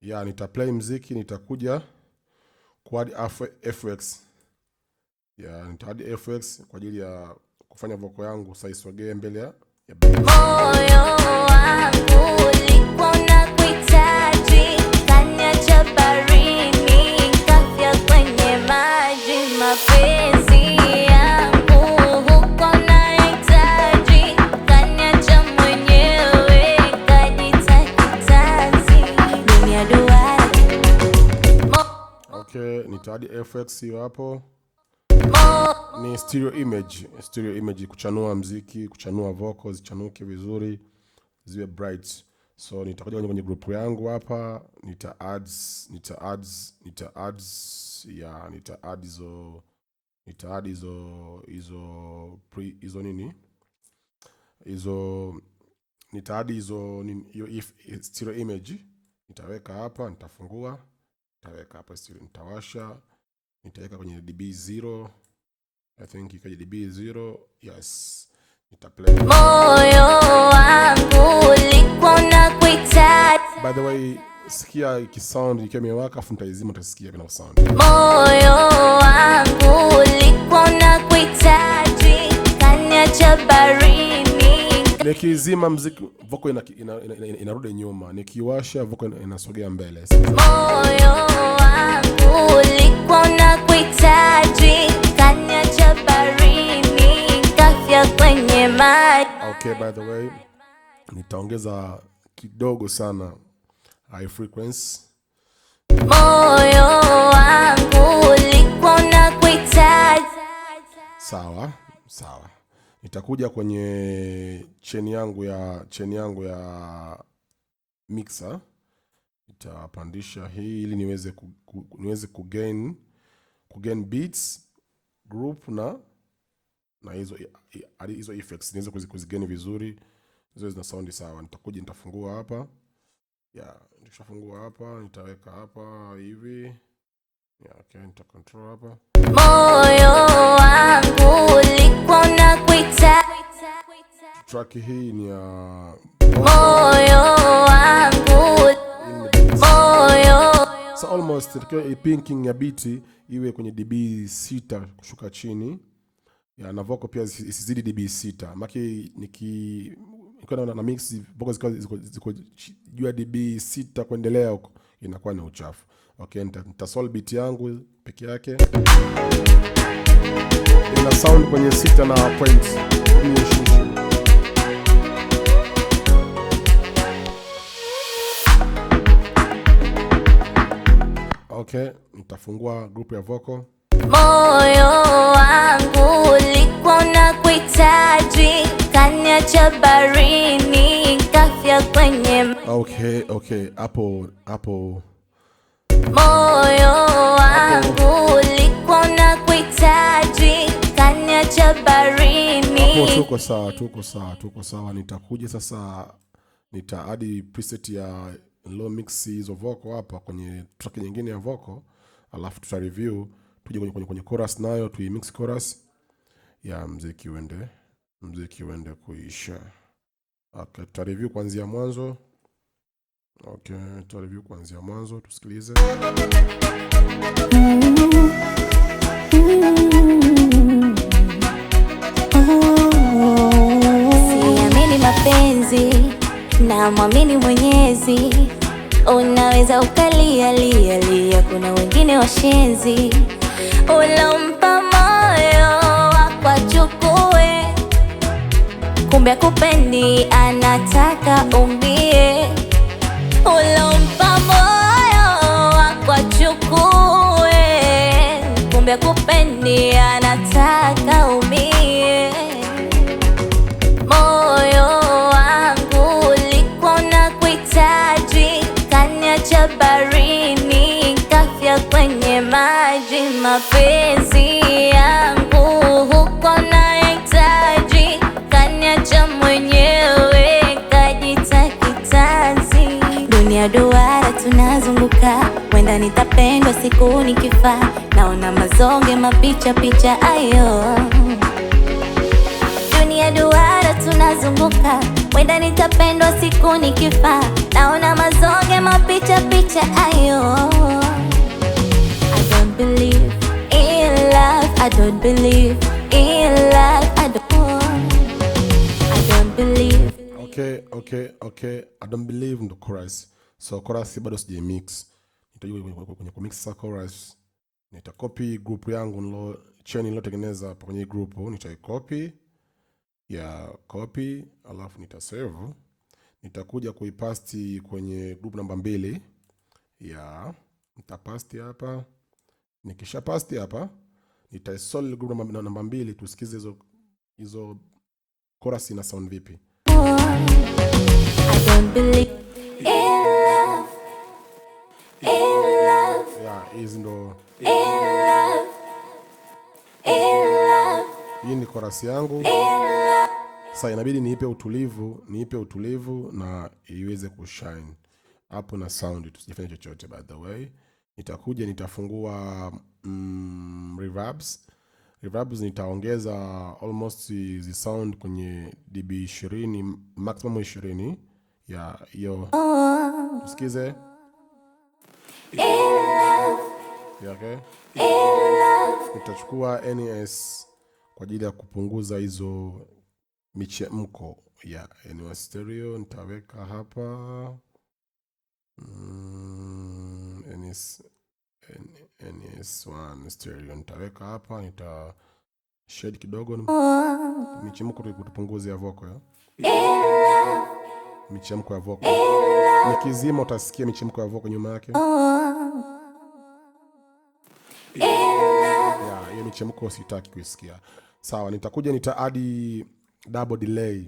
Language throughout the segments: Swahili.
ya play mziki, nitakuja kuad FX ya nitaadi FX kwa ajili ya kufanya voko yangu. saisogee mbele ya moyo wangu na kuitaji kanya baharini, kafya kwenye maji mapi hadi FX hiyo hapo ni stereo image. Stereo image kuchanua mziki, kuchanua vocals, chanuke vizuri ziwe bright. So nitakuja kwenye kwenye group yangu hapa, nita ads, nita ads, nita ads ya nita add hizo, nita add hizo hizo pre hizo nini hizo, nita add hizo nini, hiyo stereo image nitaweka hapa, nitafungua nitaweka hapo hapa, nitawasha, nitaweka kwenye db 0 I think ikaje db 0 yes, nitaplay. Moyo wangu liko na kuita. By the way, sikia ikisound ikiwa imewaka, afu nitaizima, utasikia bila sound. Moyo wangu liko na kuita, kaniacha baridi nikizima mziki voko inarudi ina, ina, ina, ina nyuma, nikiwasha voko inasogea mbele. Moyo wangu ulikuwa unakuhitaji, kaniacha baharini, kafya kwenye maji. Okay, by the way nitaongeza kidogo sana high frequency. Moyo wangu ulikuwa unakuhitaji. Sawa sawa nitakuja kwenye cheni yangu ya cheni yangu ya mixer nitapandisha hii ili niweze ku, ku, niweze kugain kugain beats group na na hizo hizo effects niweze kuzigain vizuri, hizo zina sound sawa. Nitakuja nitafungua hapa ya, yeah. nikishafungua hapa nitaweka hapa hivi ya, okay, Nita control hapa moyo wangu Track hii ni ya moyo wangu moyo, so almost pinking ya biti iwe kwenye dB sita kushuka chini ya na vocal pia isizidi dB sita maki niki na, na mix vocal ziko juu ya dB sita kuendelea huko inakuwa ni uchafu. Okay, solve beat yangu peke yake, ina sound kwenye sita na points Okay, nitafungua group ya vocal. Moyo wangu ulikuwa unakuhitaji, kaniacha barini kafya kwenye. Okay, okay, hapo hapo Moyo wangu na Tuko sawa, tuko sawa, tuko sawa. Nitakuja sasa, nitaadi preset ya low mix hizo vocal hapa kwenye track nyingine ya vocal, alafu tuta review tuje kwenye, kwenye, kwenye chorus nayo mix chorus ya mziki uende, mziki uende kuisha. Okay, tuta review kuanzia mwanzo. Okay, tuwa review kuanzia mwanzo tusikilize. Siamini mapenzi na mwamini Mwenyezi. Unaweza ukalialialia kuna wengine washenzi. Ulompa moyo wako achukue, kumbe akupendi, anataka umbi kwani anataka Kama nitapendwa siku nikifa, naona mazonge mapicha picha ayo. Dunia duara tunazunguka, wenda nitapendwa siku nikifa, naona mazonge mapicha picha ayo. I don't believe in love, I don't believe in love, I don't, I don't believe. Okay, okay, okay. I don't believe in the chorus. So chorus bado sijamix nitajibu kwenye mix chorus, nitakopi group yangu nilo chain nilotengeneza hapa kwenye group, nitaikopi ya copy, alafu nitasave, nitakuja kuipasti kwenye group namba mbili ya nitapasti hapa. Nikisha pasti hapa, nitaisol group namba mbili, tusikize hizo hizo chorus ina sound vipi. I don't believe hizi ndo hii ni korasi yangu. Sasa inabidi niipe utulivu, niipe utulivu na iweze kushine hapo na sound, tusijifanye chochote. By the way, nitakuja nitafungua mm, reverbs. Reverbs nitaongeza almost the sound kwenye dB 20 maximum 20 ya hiyo, tusikize. Oh. You okay? Nitachukua NS kwa ajili ya kupunguza hizo michemko ya eneo stereo, nitaweka hapa mm, NS, NS1 stereo nitaweka hapa, nita shade kidogo michemko kutupunguza ya voko ya michemko ya voko. Nikizima utasikia michemko ya voko nyuma yake. Oh. hiyo michemko sitaki kuisikia. Sawa, nitakuja nita nitaadi double delay.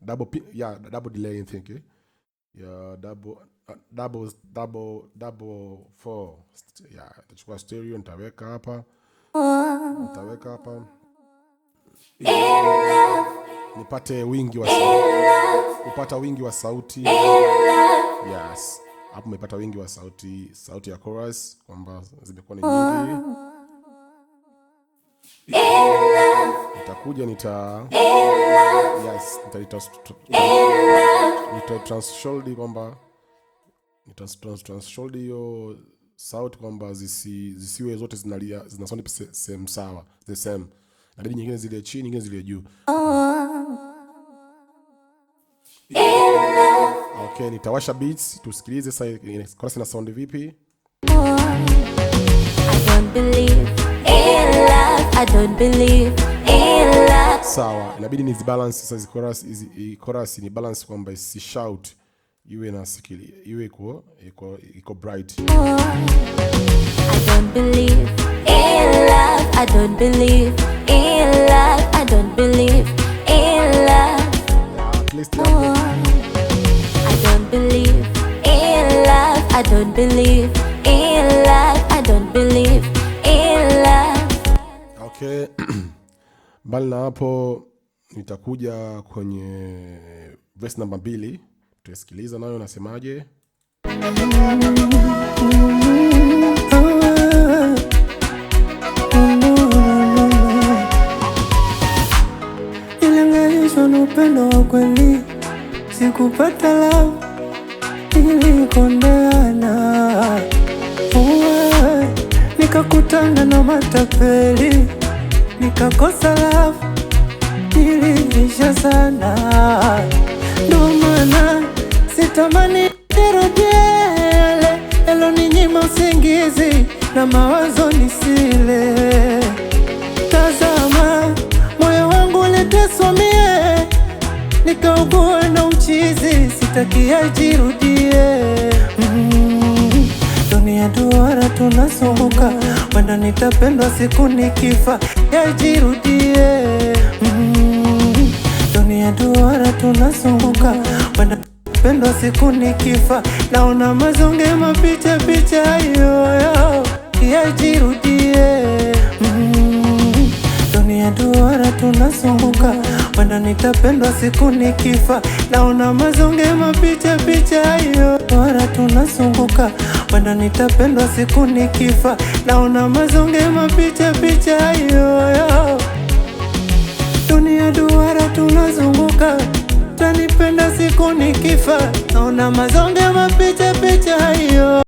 Double yeah, double delay I think. Eh? Yeah, double uh, double double double four. Yeah, nitachukua stereo nitaweka hapa. Nitaweka hapa. Nipate wingi wa sauti. Upata wingi wa sauti. Yes. Hapo umepata wingi wa sauti, sauti ya chorus kwamba zimekuwa ni uh-huh. nyingi nitakuja nita yes, nita nitatranshold kwamba nitatranshold hiyo sauti kwamba zisi, zisiwe zote zinalia zina sound same sawa the same, inabidi nyingine zile chini, nyingine zile juu. Okay, nitawasha beats tusikilize sasa, chorus ina sound vipi? I don't believe I don't believe in love. Sawa, inabidi ni balance sasa, chorus hizi chorus ni balance kwamba si shout iwe na sikili iwe iko iko iko bright. I don't believe in love. I don't believe in love. I don't believe hapo nitakuja kwenye verse namba mbili, tusikiliza nayo nasemaje. Niling'arishwa na upendo wa kweli, sikupata love, nilikondeana, nikakutana na matapeli, nikakosa love umeniridhisha sana, ndo maana sitamani ni nyima usingizi na mawazo nisile. Tazama moyo wangu uliteswa mie, nikaugua na uchizi, sitakia jirudie. Mm-hmm. dunia duara tunasumbuka, wenda nitapendwa siku nikifa, yajirudie siku nikifa, naona mazonge mapicha picha hayo yajirudie. Mm, dunia duara tunazunguka, wenda nitapendwa siku nikifa, naona mazonge mapicha picha hayo duara tunazunguka, wenda nitapendwa siku nikifa, naona mazonge mapicha picha hayo dunia duara tunazunguka utanipenda siku nikifa, naona mazonge mapicha picha hayo